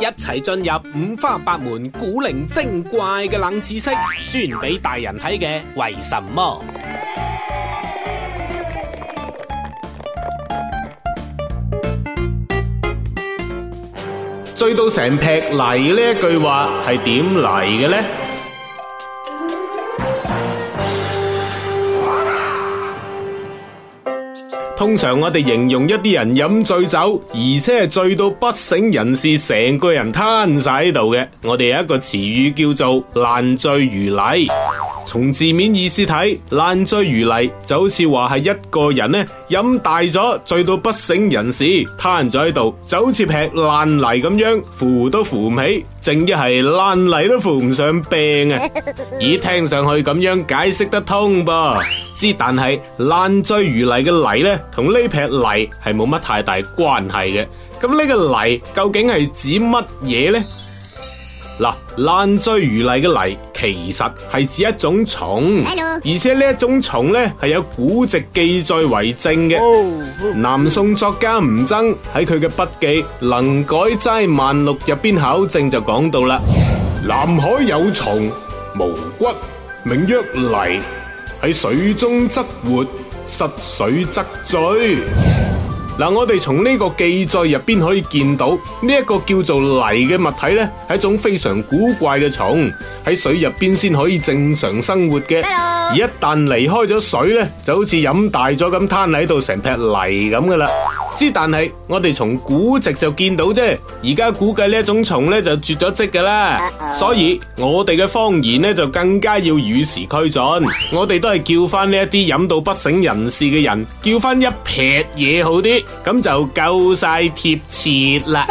一齊進入五花八門古靈精怪嘅冷知識，專俾大人睇嘅，為什麼？醉到成劈泥呢？一句話係點嚟嘅呢？通常我哋形容一啲人飲醉酒，而且醉到不省人事，成個人癱晒喺度嘅，我哋有一個詞語叫做爛醉如泥。從字面意思睇，爛醉如泥就好似話係一個人呢飲大咗醉到不省人事，癱咗喺度，就好似劈爛泥咁樣扶都扶唔起，正一係爛泥都扶唔上病啊！咦，聽上去咁樣解釋得通噃，之但係爛醉如泥嘅泥呢，同呢劈泥係冇乜太大關係嘅。咁呢個泥究竟係指乜嘢呢？嗱，爛醉如泥嘅泥，其實係指一種蟲，Hello. 而且呢一種蟲呢，係有古籍記載為證嘅。Oh, oh, oh. 南宋作家吳曾喺佢嘅筆記《能改齋漫錄》入邊考證就講到啦： 南海有蟲，無骨，名曰泥，喺水中則活，失水則醉。嗱，我哋從呢個記載入邊可以見到，呢一個叫做泥嘅物體咧，係一種非常古怪嘅蟲，喺水入邊先可以正常生活嘅，Hello. 而一旦離開咗水咧，就好似飲大咗咁，攤喺度成塊泥咁噶啦。之，但係我哋從古籍就見到啫，而家估計呢一種蟲呢就絕咗迹噶啦，uh oh. 所以我哋嘅方言呢就更加要與時俱進，我哋都係叫翻呢一啲飲到不省人事嘅人，叫翻一撇嘢，好啲，咁就夠晒貼切啦。